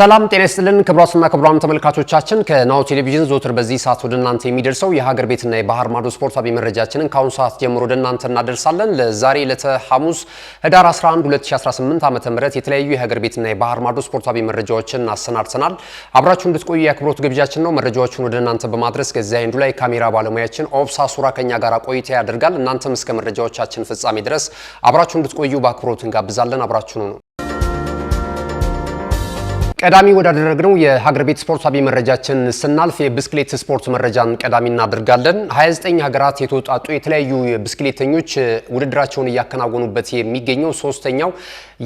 ሰላም ጤና ይስጥልን ክቡራትና ክቡራን ተመልካቾቻችን፣ ከናሁ ቴሌቪዥን ዘወትር በዚህ ሰዓት ወደ እናንተ የሚደርሰው የሀገር ቤትና የባህር ማዶ ስፖርታዊ መረጃችንን ከአሁኑ ሰዓት ጀምሮ ወደ እናንተ እናደርሳለን። ለዛሬ ዕለተ ሐሙስ ህዳር 11 2018 ዓ ም የተለያዩ የሀገር ቤትና የባህር ማዶ ስፖርታዊ መረጃዎችን አሰናድተናል። አብራችሁ እንድትቆዩ የአክብሮት ግብዣችን ነው። መረጃዎቹን ወደ እናንተ በማድረስ ከዚያ አይንዱ ላይ ካሜራ ባለሙያችን ኦብሳ ሱራ ከኛ ጋር ቆይታ ያደርጋል። እናንተም እስከ መረጃዎቻችን ፍጻሜ ድረስ አብራችሁ እንድትቆዩ በአክብሮት እንጋብዛለን። አብራችሁኑ ነው ቀዳሚ ወዳደረግነው የሀገር ቤት ስፖርት ሳቢ መረጃችን ስናልፍ የብስክሌት ስፖርት መረጃን ቀዳሚ እናደርጋለን። 29 ሀገራት የተወጣጡ የተለያዩ ብስክሌተኞች ውድድራቸውን እያከናወኑበት የሚገኘው ሶስተኛው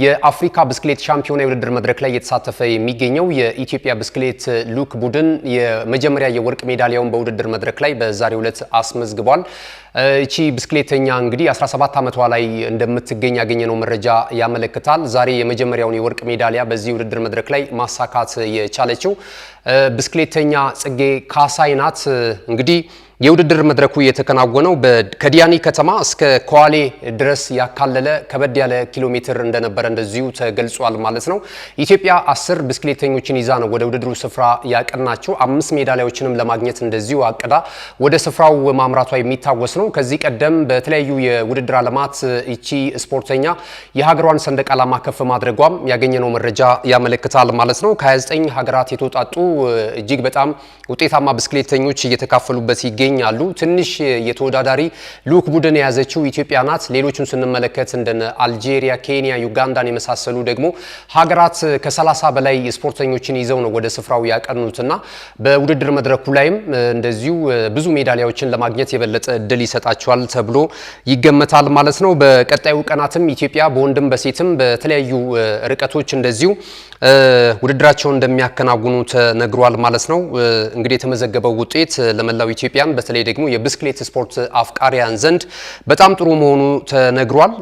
የአፍሪካ ብስክሌት ሻምፒዮና የውድድር መድረክ ላይ የተሳተፈ የሚገኘው የኢትዮጵያ ብስክሌት ሉክ ቡድን የመጀመሪያ የወርቅ ሜዳሊያውን በውድድር መድረክ ላይ በዛሬው ዕለት አስመዝግቧል። እቺ ብስክሌተኛ እንግዲህ 17 ዓመቷ ላይ እንደምትገኝ ያገኘነው መረጃ ያመለክታል። ዛሬ የመጀመሪያውን የወርቅ ሜዳሊያ በዚህ ውድድር መድረክ ላይ ማሳካት የቻለችው ብስክሌተኛ ጽጌ ካሳይ ናት። እንግዲህ የውድድር መድረኩ የተከናወነው ከዲያኒ ከተማ እስከ ከዋሌ ድረስ ያካለለ ከበድ ያለ ኪሎ ሜትር እንደነበረ እንደዚሁ ተገልጿል ማለት ነው። ኢትዮጵያ አስር ብስክሌተኞችን ይዛ ነው ወደ ውድድሩ ስፍራ ያቀናቸው። አምስት ሜዳሊያዎችንም ለማግኘት እንደዚሁ አቅዳ ወደ ስፍራው ማምራቷ የሚታወስ ነው። ከዚህ ቀደም በተለያዩ የውድድር ዓለማት ይቺ ስፖርተኛ የሀገሯን ሰንደቅ ዓላማ ከፍ ማድረጓም ያገኘነው መረጃ ያመለክታል ማለት ነው። ከ29 ሀገራት የተውጣጡ እጅግ በጣም ውጤታማ ብስክሌተኞች እየተካፈሉበት ይገኛል። ይገኛሉ። ትንሽ የተወዳዳሪ ልዑክ ቡድን የያዘችው ኢትዮጵያ ናት። ሌሎቹን ስንመለከት እንደ አልጄሪያ፣ ኬንያ፣ ዩጋንዳን የመሳሰሉ ደግሞ ሀገራት ከ30 በላይ ስፖርተኞችን ይዘው ነው ወደ ስፍራው ያቀኑትና በውድድር መድረኩ ላይም እንደዚሁ ብዙ ሜዳሊያዎችን ለማግኘት የበለጠ እድል ይሰጣቸዋል ተብሎ ይገመታል ማለት ነው። በቀጣዩ ቀናትም ኢትዮጵያ በወንድም በሴትም በተለያዩ ርቀቶች እንደዚሁ ውድድራቸውን እንደሚያከናውኑ ተነግሯል ማለት ነው። እንግዲህ የተመዘገበው ውጤት ለመላው ኢትዮጵያን በተለይ ደግሞ የብስክሌት ስፖርት አፍቃሪያን ዘንድ በጣም ጥሩ መሆኑ ተነግሯል።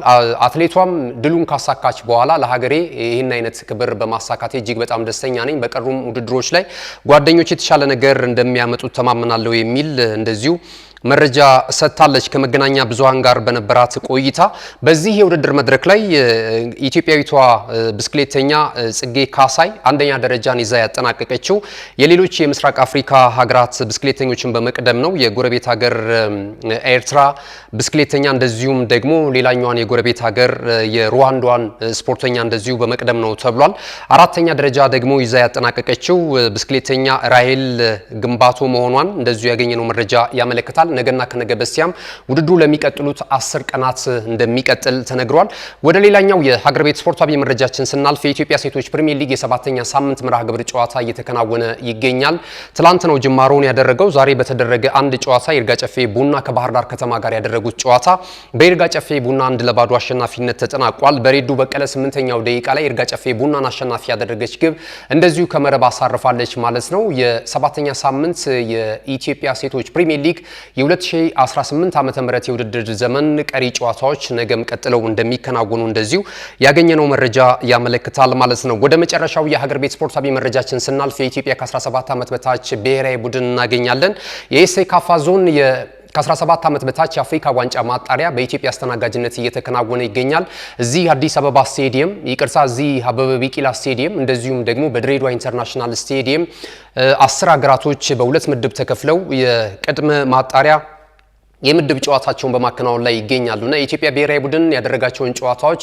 አትሌቷም ድሉን ካሳካች በኋላ ለሀገሬ ይህን አይነት ክብር በማሳካቴ እጅግ በጣም ደስተኛ ነኝ፣ በቀሩም ውድድሮች ላይ ጓደኞች የተሻለ ነገር እንደሚያመጡ ተማምናለሁ የሚል እንደዚሁ መረጃ ሰጥታለች። ከመገናኛ ብዙሃን ጋር በነበራት ቆይታ በዚህ የውድድር መድረክ ላይ ኢትዮጵያዊቷ ብስክሌተኛ ጽጌ ካሳይ አንደኛ ደረጃን ይዛ ያጠናቀቀችው የሌሎች የምስራቅ አፍሪካ ሀገራት ብስክሌተኞችን በመቅደም ነው። የጎረቤት ሀገር ኤርትራ ብስክሌተኛ እንደዚሁም ደግሞ ሌላኛዋን የጎረቤት ሀገር የሩዋንዷን ስፖርተኛ እንደዚሁ በመቅደም ነው ተብሏል። አራተኛ ደረጃ ደግሞ ይዛ ያጠናቀቀችው ብስክሌተኛ ራሄል ግንባቶ መሆኗን እንደዚሁ ያገኘነው መረጃ ያመለክታል። ነገና ከነገ በስቲያም ውድድሩ ለሚቀጥሉት አስር ቀናት እንደሚቀጥል ተነግሯል። ወደ ሌላኛው የሀገር ቤት ስፖርታዊ መረጃችን ስናልፍ የኢትዮጵያ ሴቶች ፕሪሚየር ሊግ የሰባተኛ ሳምንት መርሃ ግብር ጨዋታ እየተከናወነ ይገኛል። ትላንት ነው ጅማሮውን ያደረገው። ዛሬ በተደረገ አንድ ጨዋታ ይርጋ ጨፌ ቡና ከባህር ዳር ከተማ ጋር ያደረጉት ጨዋታ በይርጋ ጨፌ ቡና አንድ ለባዶ አሸናፊነት ተጠናቋል። በሬዱ በቀለ ስምንተኛው ደቂቃ ላይ ይርጋ ጨፌ ቡናን አሸናፊ ያደረገች ግብ እንደዚሁ ከመረብ አሳርፋለች ማለት ነው። የሰባተኛ ሳምንት የኢትዮጵያ ሴቶች ፕሪሚየር ሊግ የ2018 ዓ ም የውድድር ዘመን ቀሪ ጨዋታዎች ነገም ቀጥለው እንደሚከናወኑ እንደዚሁ ያገኘነው መረጃ ያመለክታል ማለት ነው። ወደ መጨረሻው የሀገር ቤት ስፖርታዊ መረጃችን ስናልፍ የኢትዮጵያ ከ17 ዓመት በታች ብሔራዊ ቡድን እናገኛለን። የሴካፋ ዞን ከ17 ዓመት በታች የአፍሪካ ዋንጫ ማጣሪያ በኢትዮጵያ አስተናጋጅነት እየተከናወነ ይገኛል። እዚህ አዲስ አበባ ስቴዲየም ይቅርታ፣ እዚህ አበበ ቢቂላ ስቴዲየም እንደዚሁም ደግሞ በድሬዳዋ ኢንተርናሽናል ስቴዲየም አስር ሀገራቶች በሁለት ምድብ ተከፍለው የቅድመ ማጣሪያ የምድብ ጨዋታቸውን በማከናወን ላይ ይገኛሉ እና የኢትዮጵያ ብሔራዊ ቡድን ያደረጋቸውን ጨዋታዎች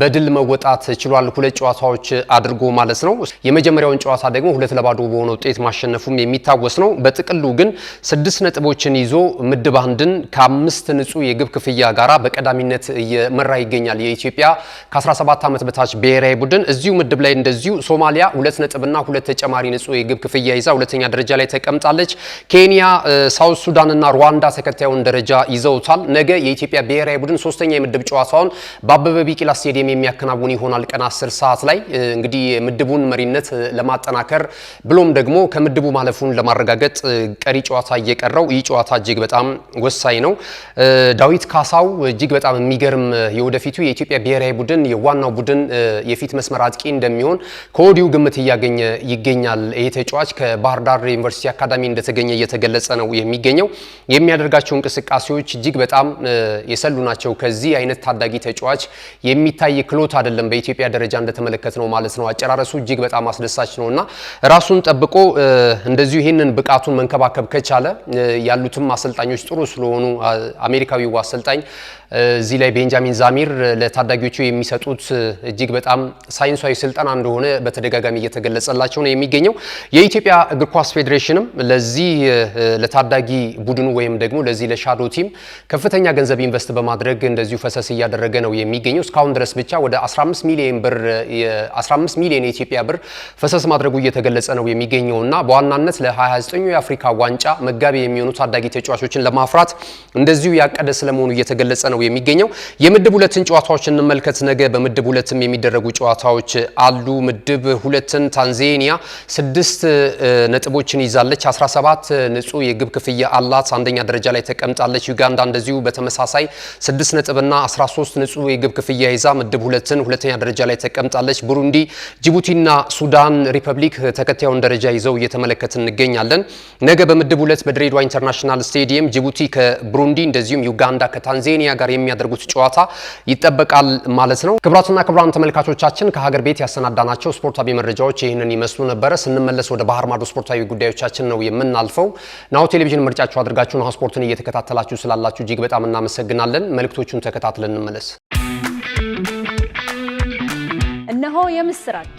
በድል መወጣት ችሏል። ሁለት ጨዋታዎች አድርጎ ማለት ነው። የመጀመሪያውን ጨዋታ ደግሞ ሁለት ለባዶ በሆነ ውጤት ማሸነፉም የሚታወስ ነው። በጥቅሉ ግን ስድስት ነጥቦችን ይዞ ምድብ አንድን ከአምስት ንጹህ የግብ ክፍያ ጋራ በቀዳሚነት እየመራ ይገኛል። የኢትዮጵያ ከ17 ዓመት በታች ብሔራዊ ቡድን እዚሁ ምድብ ላይ እንደዚሁ ሶማሊያ ሁለት ነጥብና ሁለት ተጨማሪ ንጹህ የግብ ክፍያ ይዛ ሁለተኛ ደረጃ ላይ ተቀምጣለች። ኬንያ፣ ሳውት ሱዳንና ሩዋንዳ ተከታዩን ደረጃ ደረጃ ይዘውታል። ነገ የኢትዮጵያ ብሔራዊ ቡድን ሶስተኛ የምድብ ጨዋታውን በአበበ ቢቂላ ስቴዲየም የሚያከናውን ይሆናል ቀን 10 ሰዓት ላይ እንግዲህ ምድቡን መሪነት ለማጠናከር ብሎም ደግሞ ከምድቡ ማለፉን ለማረጋገጥ ቀሪ ጨዋታ እየቀረው ይህ ጨዋታ እጅግ በጣም ወሳኝ ነው። ዳዊት ካሳው እጅግ በጣም የሚገርም የወደፊቱ የኢትዮጵያ ብሔራዊ ቡድን የዋናው ቡድን የፊት መስመር አጥቂ እንደሚሆን ከወዲሁ ግምት እያገኘ ይገኛል። ይህ ተጫዋች ከባህር ዳር ዩኒቨርሲቲ አካዳሚ እንደተገኘ እየተገለጸ ነው የሚገኘው የሚያደርጋቸው እንቅስቃሴ እንቅስቃሴዎች እጅግ በጣም የሰሉ ናቸው። ከዚህ አይነት ታዳጊ ተጫዋች የሚታይ ክሎት አይደለም በኢትዮጵያ ደረጃ እንደተመለከት ነው ማለት ነው። አጨራረሱ እጅግ በጣም አስደሳች ነው እና ራሱን ጠብቆ እንደዚሁ ይህንን ብቃቱን መንከባከብ ከቻለ ያሉትም አሰልጣኞች ጥሩ ስለሆኑ አሜሪካዊው አሰልጣኝ እዚህ ላይ ቤንጃሚን ዛሚር ለታዳጊዎቹ የሚሰጡት እጅግ በጣም ሳይንሳዊ ስልጠና እንደሆነ በተደጋጋሚ እየተገለጸላቸው ነው የሚገኘው። የኢትዮጵያ እግር ኳስ ፌዴሬሽንም ለዚህ ለታዳጊ ቡድኑ ወይም ደግሞ ለዚህ ለሻዶ ቲም ከፍተኛ ገንዘብ ኢንቨስት በማድረግ እንደዚሁ ፈሰስ እያደረገ ነው የሚገኘው። እስካሁን ድረስ ብቻ ወደ 15 ሚሊዮን ብር 15 ሚሊዮን የኢትዮጵያ ብር ፈሰስ ማድረጉ እየተገለጸ ነው የሚገኘው እና በዋናነት ለ29 የአፍሪካ ዋንጫ መጋቢ የሚሆኑ ታዳጊ ተጫዋቾችን ለማፍራት እንደዚሁ ያቀደ ስለመሆኑ እየተገለጸ ነው የሚገኘው። የምድብ ሁለትን ጨዋታዎች እንመልከት። ነገ በምድብ ሁለትም የሚደረጉ ጨዋታዎች አሉ። ምድብ ሁለትን ታንዜኒያ ስድስት ነጥቦችን ይዛለች። 17 ንጹህ የግብ ክፍያ አላት። አንደኛ ደረጃ ላይ ተቀምጣለች። ዩጋንዳ እንደዚሁ በተመሳሳይ ስድስት ነጥብና 13 ንጹህ የግብ ክፍያ ይዛ ምድብ ሁለትን ሁለተኛ ደረጃ ላይ ተቀምጣለች። ቡሩንዲ፣ ጅቡቲና ሱዳን ሪፐብሊክ ተከታዩን ደረጃ ይዘው እየተመለከት እንገኛለን። ነገ በምድብ ሁለት በድሬዳዋ ኢንተርናሽናል ስቴዲየም ጅቡቲ ከቡሩንዲ እንደዚሁም ዩጋንዳ ከታንዜኒያ ጋር የሚያደርጉት ጨዋታ ይጠበቃል ማለት ነው። ክቡራትና ክቡራን ተመልካቾቻችን ከሀገር ቤት ያሰናዳናቸው ስፖርታዊ መረጃዎች ይህንን ይመስሉ ነበረ። ስንመለስ ወደ ባህር ማዶ ስፖርታዊ ጉዳዮቻችን ነው የምናልፈው። ናሁ ቴሌቪዥን ምርጫችሁ አድርጋችሁ ናሁ ስፖርትን እየተከታተላችሁ ስላላችሁ እጅግ በጣም እናመሰግናለን። መልእክቶቹን ተከታትለን እንመለስ። እነሆ የምስራች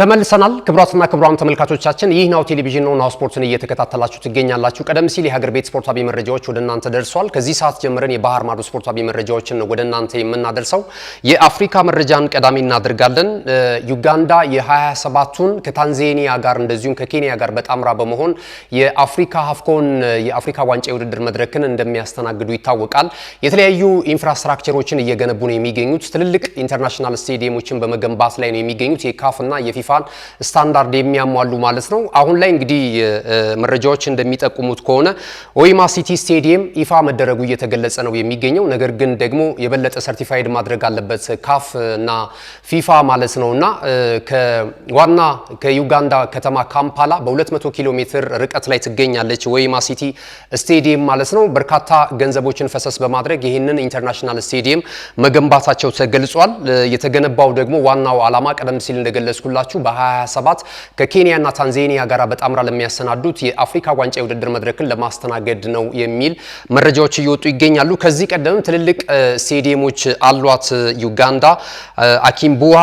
ተመልሰናል ክቡራትና ክቡራን ተመልካቾቻችን፣ ይህ ናሁ ቴሌቪዥን ነው። ናሁ ስፖርትን እየተከታተላችሁ ትገኛላችሁ። ቀደም ሲል የሀገር ቤት ስፖርታዊ መረጃዎች ወደ እናንተ ደርሷል። ከዚህ ሰዓት ጀምረን የባህር ማዶ ስፖርታዊ መረጃዎችን ወደ እናንተ የምናደርሰው። የአፍሪካ መረጃን ቀዳሚ እናደርጋለን። ዩጋንዳ የ27ቱን ከታንዛኒያ ጋር እንደዚሁም ከኬንያ ጋር በጣምራ በመሆን የአፍሪካ ሀፍኮን የአፍሪካ ዋንጫ የውድድር መድረክን እንደሚያስተናግዱ ይታወቃል። የተለያዩ ኢንፍራስትራክቸሮችን እየገነቡ ነው የሚገኙት። ትልልቅ ኢንተርናሽናል ስቴዲየሞችን በመገንባት ላይ ነው የሚገኙት የካፍና የፊፋ ሽፋን ስታንዳርድ የሚያሟሉ ማለት ነው። አሁን ላይ እንግዲህ መረጃዎች እንደሚጠቁሙት ከሆነ ኦይማ ሲቲ ስቴዲየም ይፋ መደረጉ እየተገለጸ ነው የሚገኘው። ነገር ግን ደግሞ የበለጠ ሰርቲፋይድ ማድረግ አለበት ካፍ እና ፊፋ ማለት ነው እና ከዋና ከዩጋንዳ ከተማ ካምፓላ በ200 ኪሎ ሜትር ርቀት ላይ ትገኛለች ኦይማ ሲቲ ስቴዲየም ማለት ነው። በርካታ ገንዘቦችን ፈሰስ በማድረግ ይህንን ኢንተርናሽናል ስቴዲየም መገንባታቸው ተገልጿል። የተገነባው ደግሞ ዋናው ዓላማ ቀደም ሲል እንደገለጽኩላችሁ በ27 ከኬንያና ታንዛኒያ ጋር በጣምራ ለሚያሰናዱት የአፍሪካ ዋንጫ የውድድር መድረክን ለማስተናገድ ነው የሚል መረጃዎች እየወጡ ይገኛሉ። ከዚህ ቀደም ትልልቅ ስቴዲየሞች አሏት ዩጋንዳ። አኪምቡዋ፣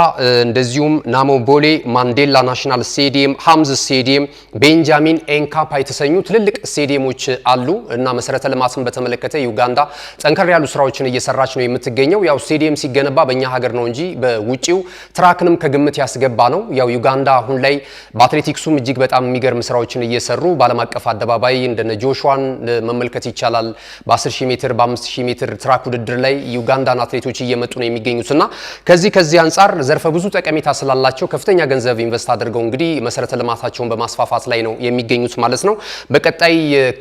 እንደዚሁም ናሞቦሌ ማንዴላ ናሽናል ስቴዲየም፣ ሀምዝ ስቴዲየም፣ ቤንጃሚን ኤንካፓ የተሰኙ ትልልቅ ስቴዲየሞች አሉ እና መሰረተ ልማትን በተመለከተ ዩጋንዳ ጠንከር ያሉ ስራዎችን እየሰራች ነው የምትገኘው። ያው ስቴዲየም ሲገነባ በእኛ ሀገር ነው እንጂ በውጪው ትራክንም ከግምት ያስገባ ነው። ያው ዩጋንዳ አሁን ላይ በአትሌቲክሱም እጅግ በጣም የሚገርም ስራዎችን እየሰሩ በዓለም አቀፍ አደባባይ እንደነ ጆሹዋን መመልከት ይቻላል። በ10 ሺህ ሜትር በ5 ሺህ ሜትር ትራክ ውድድር ላይ ዩጋንዳን አትሌቶች እየመጡ ነው የሚገኙትና ከዚህ ከዚህ አንጻር ዘርፈ ብዙ ጠቀሜታ ስላላቸው ከፍተኛ ገንዘብ ኢንቨስት አድርገው እንግዲህ መሰረተ ልማታቸውን በማስፋፋት ላይ ነው የሚገኙት ማለት ነው። በቀጣይ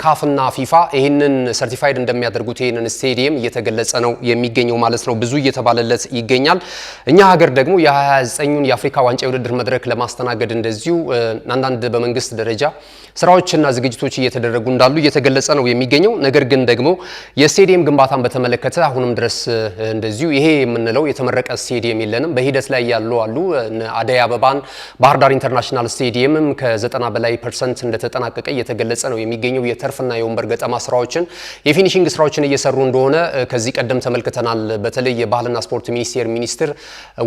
ካፍና ፊፋ ይህንን ሰርቲፋይድ እንደሚያደርጉት ይህንን ስቴዲየም እየተገለጸ ነው የሚገኘው ማለት ነው። ብዙ እየተባለለት ይገኛል። እኛ ሀገር ደግሞ የ29ኙን የአፍሪካ ዋንጫ የውድድር መድረክ ለማስተናገድ እንደዚሁ አንዳንድ በመንግስት ደረጃ ስራዎችና ዝግጅቶች እየተደረጉ እንዳሉ እየተገለጸ ነው የሚገኘው። ነገር ግን ደግሞ የስቴዲየም ግንባታን በተመለከተ አሁንም ድረስ እንደዚሁ ይሄ የምንለው የተመረቀ ስቴዲየም የለንም። በሂደት ላይ ያሉ አሉ። አደይ አበባን፣ ባህር ዳር ኢንተርናሽናል ስቴዲየምም ከ90 በላይ ፐርሰንት እንደተጠናቀቀ እየተገለጸ ነው የሚገኘው። የተርፍና የወንበር ገጠማ ስራዎችን የፊኒሽንግ ስራዎችን እየሰሩ እንደሆነ ከዚህ ቀደም ተመልክተናል። በተለይ የባህልና ስፖርት ሚኒስቴር ሚኒስትር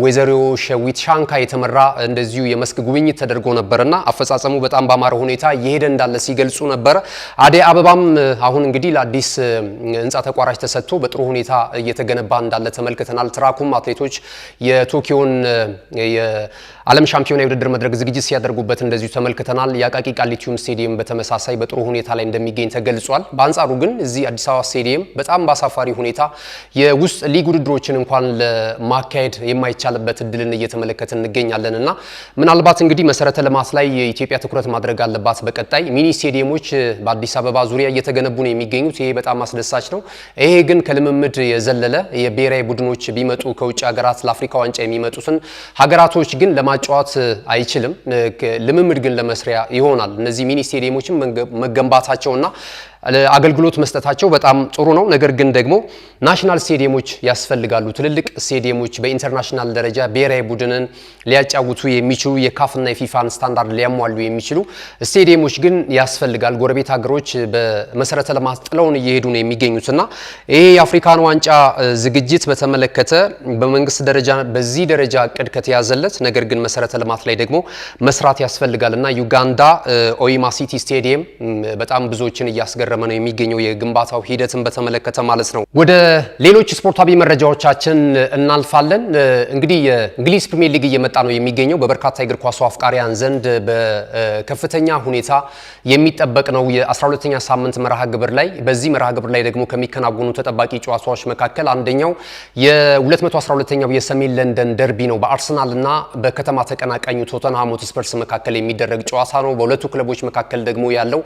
ወይዘሮ ሸዊት ሻንካ የተመራ እንደዚሁ እንደዚሁ የመስክ ጉብኝት ተደርጎ ነበርና አፈጻጸሙ በጣም ባማረ ሁኔታ እየሄደ እንዳለ ሲገልጹ ነበር። አዴ አበባም አሁን እንግዲህ ለአዲስ ህንፃ ተቋራጭ ተሰጥቶ በጥሩ ሁኔታ እየተገነባ እንዳለ ተመልክተናል። ትራኩም አትሌቶች የቶኪዮን ዓለም ሻምፒዮና የውድድር መድረክ ዝግጅት ሲያደርጉበት እንደዚሁ ተመልክተናል። የአቃቂ ቃሊቲውም ስቴዲየም በተመሳሳይ በጥሩ ሁኔታ ላይ እንደሚገኝ ተገልጿል። በአንጻሩ ግን እዚህ አዲስ አበባ ስቴዲየም በጣም በአሳፋሪ ሁኔታ የውስጥ ሊግ ውድድሮችን እንኳን ለማካሄድ የማይቻልበት እድልን እየተመለከት እንገኛለን እና ምናልባት እንግዲህ መሰረተ ልማት ላይ የኢትዮጵያ ትኩረት ማድረግ አለባት። በቀጣይ ሚኒ ስቴዲየሞች በአዲስ አበባ ዙሪያ እየተገነቡ ነው የሚገኙት። ይሄ በጣም አስደሳች ነው። ይሄ ግን ከልምምድ የዘለለ የብሔራዊ ቡድኖች ቢመጡ ከውጭ ሀገራት ለአፍሪካ ዋንጫ የሚመጡትን ሀገራቶች ግን ለማ መጫወት አይችልም። ልምምድ ግን ለመስሪያ ይሆናል። እነዚህ ሚኒ ስቴዲየሞችን መገንባታቸውና አገልግሎት መስጠታቸው በጣም ጥሩ ነው። ነገር ግን ደግሞ ናሽናል ስቴዲየሞች ያስፈልጋሉ። ትልልቅ ስቴዲየሞች በኢንተርናሽናል ደረጃ ብሔራዊ ቡድንን ሊያጫውቱ የሚችሉ የካፍና የፊፋን ስታንዳርድ ሊያሟሉ የሚችሉ ስቴዲየሞች ግን ያስፈልጋል። ጎረቤት ሀገሮች በመሰረተ ልማት ጥለውን እየሄዱ ነው የሚገኙት እና ይሄ የአፍሪካን ዋንጫ ዝግጅት በተመለከተ በመንግስት ደረጃ በዚህ ደረጃ እቅድ ከተያዘለት፣ ነገር ግን መሰረተ ልማት ላይ ደግሞ መስራት ያስፈልጋል እና ዩጋንዳ ኦይማ ሲቲ ስቴዲየም በጣም ብዙዎችን እያስገር እየገረመ ነው የሚገኘው የግንባታው ሂደትን በተመለከተ ማለት ነው። ወደ ሌሎች ስፖርታዊ መረጃዎቻችን እናልፋለን። እንግዲህ የእንግሊዝ ፕሪሚየር ሊግ እየመጣ ነው የሚገኘው በበርካታ የእግር ኳሱ አፍቃሪያን ዘንድ በከፍተኛ ሁኔታ የሚጠበቅ ነው። የ12ኛ ሳምንት መርሃ ግብር ላይ በዚህ መርሃ ግብር ላይ ደግሞ ከሚከናወኑ ተጠባቂ ጨዋታዎች መካከል አንደኛው የ212ኛው የሰሜን ለንደን ደርቢ ነው። በአርሰናል እና በከተማ ተቀናቃኙ ቶተንሃም ሆትስፐርስ መካከል የሚደረግ ጨዋታ ነው። በሁለቱ ክለቦች መካከል ደግሞ ያለው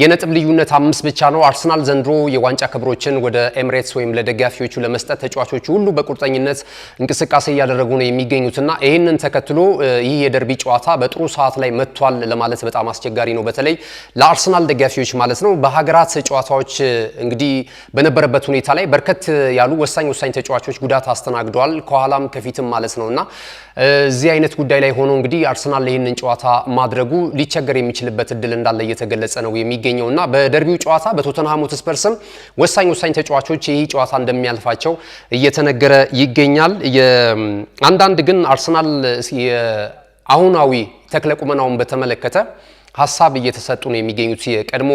የነጥብ ልዩነት አምስት ነው። አርሰናል ዘንድሮ የዋንጫ ክብሮችን ወደ ኤምሬትስ ወይም ለደጋፊዎቹ ለመስጠት ተጫዋቾቹ ሁሉ በቁርጠኝነት እንቅስቃሴ እያደረጉ ነው የሚገኙትና ይህንን ተከትሎ ይህ የደርቢ ጨዋታ በጥሩ ሰዓት ላይ መጥቷል ለማለት በጣም አስቸጋሪ ነው። በተለይ ለአርሰናል ደጋፊዎች ማለት ነው። በሀገራት ጨዋታዎች እንግዲህ በነበረበት ሁኔታ ላይ በርከት ያሉ ወሳኝ ወሳኝ ተጫዋቾች ጉዳት አስተናግደዋል፣ ከኋላም ከፊትም ማለት ነው እና እዚህ አይነት ጉዳይ ላይ ሆኖ እንግዲህ አርሰናል ይህንን ጨዋታ ማድረጉ ሊቸገር የሚችልበት እድል እንዳለ እየተገለጸ ነው የሚገኘው እና በደርቢው ጨዋታ ጨዋታ በቶተንሃም ሆትስፐር ስም ወሳኝ ወሳኝ ተጫዋቾች ይህ ጨዋታ እንደሚያልፋቸው እየተነገረ ይገኛል። አንዳንድ ግን አርሰናል አሁናዊ ተክለ ቁመናውን በተመለከተ ሀሳብ እየተሰጡ ነው የሚገኙት። የቀድሞ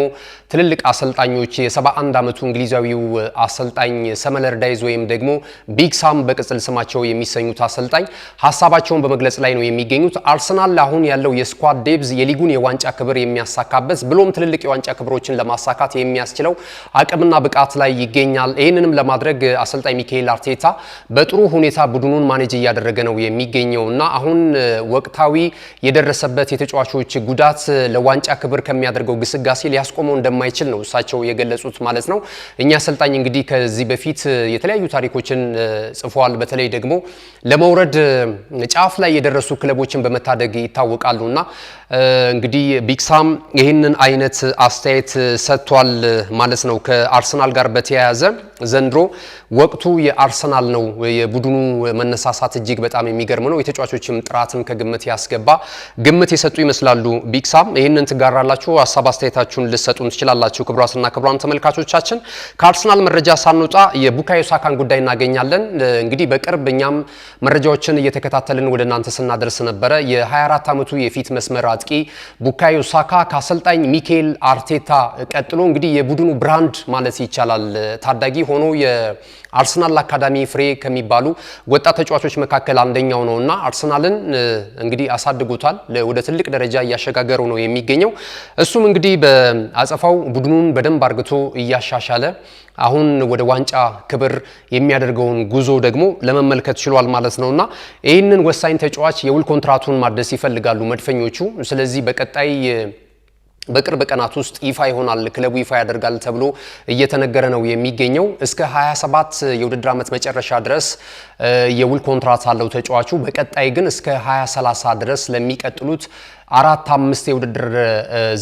ትልልቅ አሰልጣኞች የ71 ዓመቱ እንግሊዛዊው አሰልጣኝ ሰመለር ዳይዝ ወይም ደግሞ ቢግ ሳም በቅጽል ስማቸው የሚሰኙት አሰልጣኝ ሀሳባቸውን በመግለጽ ላይ ነው የሚገኙት። አርሰናል አሁን ያለው የስኳድ ዴብዝ የሊጉን የዋንጫ ክብር የሚያሳካበት ብሎም ትልልቅ የዋንጫ ክብሮችን ለማሳካት የሚያስችለው አቅምና ብቃት ላይ ይገኛል። ይህንንም ለማድረግ አሰልጣኝ ሚካኤል አርቴታ በጥሩ ሁኔታ ቡድኑን ማኔጅ እያደረገ ነው የሚገኘው እና አሁን ወቅታዊ የደረሰበት የተጫዋቾች ጉዳት ለዋንጫ ክብር ከሚያደርገው ግስጋሴ ሊያስቆመው እንደማይችል ነው እሳቸው የገለጹት ማለት ነው። እኛ አሰልጣኝ እንግዲህ ከዚህ በፊት የተለያዩ ታሪኮችን ጽፏል። በተለይ ደግሞ ለመውረድ ጫፍ ላይ የደረሱ ክለቦችን በመታደግ ይታወቃሉ እና እንግዲህ ቢክሳም ይህንን አይነት አስተያየት ሰጥቷል ማለት ነው። ከአርሰናል ጋር በተያያዘ ዘንድሮ ወቅቱ የአርሰናል ነው። የቡድኑ መነሳሳት እጅግ በጣም የሚገርም ነው። የተጫዋቾችም ጥራትን ከግምት ያስገባ ግምት የሰጡ ይመስላሉ ቢክሳም ይህንን ትጋራላችሁ፣ ሀሳብ አስተያየታችሁን ልሰጡን ትችላላችሁ። ክቡራትና ክቡራን ተመልካቾቻችን ከአርሰናል መረጃ ሳንወጣ የቡካዮ ሳካን ጉዳይ እናገኛለን። እንግዲህ በቅርብ እኛም መረጃዎችን እየተከታተልን ወደ እናንተ ስናደርስ ነበረ። የ24 ዓመቱ የፊት መስመር አጥቂ ቡካዮ ሳካ ከአሰልጣኝ ሚኬል አርቴታ ቀጥሎ እንግዲህ የቡድኑ ብራንድ ማለት ይቻላል ታዳጊ ሆኖ አርሰናል አካዳሚ ፍሬ ከሚባሉ ወጣት ተጫዋቾች መካከል አንደኛው ነውና አርሰናልን እንግዲህ አሳድጎታል፣ ወደ ትልቅ ደረጃ እያሸጋገረው ነው የሚገኘው። እሱም እንግዲህ በአጸፋው ቡድኑን በደንብ አርግቶ እያሻሻለ አሁን ወደ ዋንጫ ክብር የሚያደርገውን ጉዞ ደግሞ ለመመልከት ችሏል ማለት ነውና ይህንን ወሳኝ ተጫዋች የውል ኮንትራቱን ማደስ ይፈልጋሉ መድፈኞቹ። ስለዚህ በቀጣይ በቅርብ ቀናት ውስጥ ይፋ ይሆናል፣ ክለቡ ይፋ ያደርጋል ተብሎ እየተነገረ ነው የሚገኘው። እስከ 27 የውድድር ዓመት መጨረሻ ድረስ የውል ኮንትራት አለው ተጫዋቹ። በቀጣይ ግን እስከ 2030 ድረስ ለሚቀጥሉት አራት አምስት የውድድር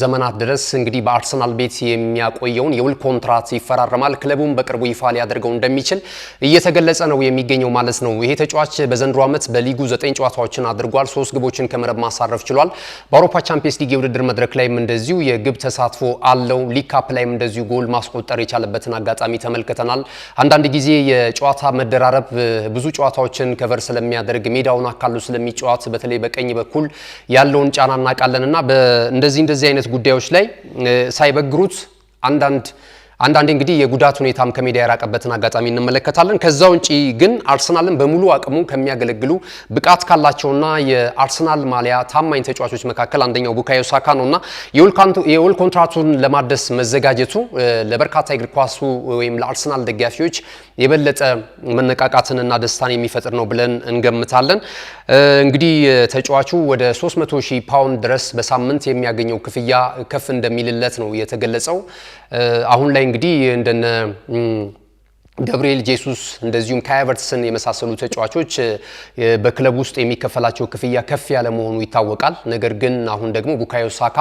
ዘመናት ድረስ እንግዲህ በአርሰናል ቤት የሚያቆየውን የውል ኮንትራት ይፈራረማል። ክለቡም በቅርቡ ይፋ ሊያደርገው እንደሚችል እየተገለጸ ነው የሚገኘው ማለት ነው። ይሄ ተጫዋች በዘንድሮ ዓመት በሊጉ ዘጠኝ ጨዋታዎችን አድርጓል። ሶስት ግቦችን ከመረብ ማሳረፍ ችሏል። በአውሮፓ ቻምፒየንስ ሊግ የውድድር መድረክ ላይም እንደዚሁ የግብ ተሳትፎ አለው። ሊግ ካፕ ላይም እንደዚሁ ጎል ማስቆጠር የቻለበትን አጋጣሚ ተመልክተናል። አንዳንድ ጊዜ የጨዋታ መደራረብ ብዙ ጨዋታዎችን ከቨር ስለሚያደርግ ሜዳውን አካሉ ስለሚጫዋት በተለይ በቀኝ በኩል ያለውን ጫና እናውቃለንና እንደዚህ እንደዚህ አይነት ጉዳዮች ላይ ሳይበግሩት አንዳንድ አንዳንዴ እንግዲህ የጉዳት ሁኔታም ከሜዳ የራቀበትን አጋጣሚ እንመለከታለን። ከዛ ውጪ ግን አርሰናልን በሙሉ አቅሙ ከሚያገለግሉ ብቃት ካላቸውና የአርሰናል ማሊያ ታማኝ ተጫዋቾች መካከል አንደኛው ቡካዮ ሳካ ነውና የውል ኮንትራቱን ለማደስ መዘጋጀቱ ለበርካታ እግር ኳሱ ወይም ለአርሰናል ደጋፊዎች የበለጠ መነቃቃትንና ደስታን የሚፈጥር ነው ብለን እንገምታለን። እንግዲህ ተጫዋቹ ወደ 300 ሺህ ፓውንድ ድረስ በሳምንት የሚያገኘው ክፍያ ከፍ እንደሚልለት ነው የተገለጸው። አሁን ላይ እንግዲህ እንደነ ገብርኤል ጄሱስ እንደዚሁም ካያቨርትስን የመሳሰሉ ተጫዋቾች በክለብ ውስጥ የሚከፈላቸው ክፍያ ከፍ ያለ መሆኑ ይታወቃል። ነገር ግን አሁን ደግሞ ቡካዮ ሳካ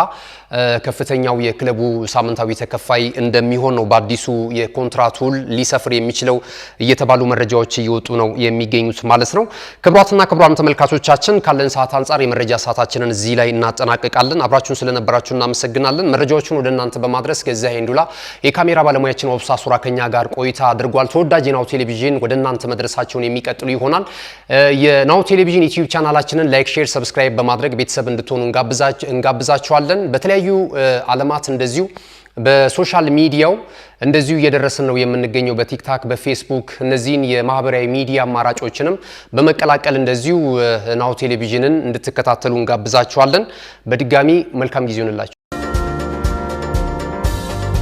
ከፍተኛው የክለቡ ሳምንታዊ ተከፋይ እንደሚሆን ነው በአዲሱ የኮንትራት ውል ሊሰፍር የሚችለው እየተባሉ መረጃዎች እየወጡ ነው የሚገኙት ማለት ነው። ክቡራትና ክቡራን ተመልካቾቻችን ካለን ሰዓት አንጻር የመረጃ ሰዓታችንን እዚህ ላይ እናጠናቀቃለን። አብራችሁን ስለነበራችሁ እናመሰግናለን። መረጃዎችን ወደ እናንተ በማድረስ ገዛ ሄንዱላ የካሜራ ባለሙያችን ወብሳ ሱራ ከኛ ጋር ቆይታ አድርጓል። ተጀምሯል። ተወዳጅ የናሁ ቴሌቪዥን ወደ እናንተ መድረሳቸውን የሚቀጥሉ ይሆናል። የናሁ ቴሌቪዥን ዩቲዩብ ቻናላችንን ላይክ፣ ሼር፣ ሰብስክራይብ በማድረግ ቤተሰብ እንድትሆኑ እንጋብዛችኋለን። በተለያዩ አለማት እንደዚሁ በሶሻል ሚዲያው እንደዚሁ እየደረስን ነው የምንገኘው። በቲክታክ፣ በፌስቡክ እነዚህን የማህበራዊ ሚዲያ አማራጮችንም በመቀላቀል እንደዚሁ ናሁ ቴሌቪዥንን እንድትከታተሉ እንጋብዛችኋለን። በድጋሚ መልካም ጊዜ ይሆንላችሁ።